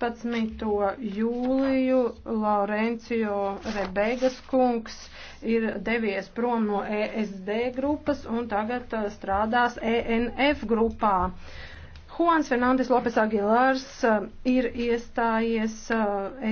15. jūliju Laurencio Rebegas kungs ir devies prom no ESD grupas un tagad uh, strādās ENF grupā. Juans Fernandes Lopes Aguilars uh, ir iestājies uh,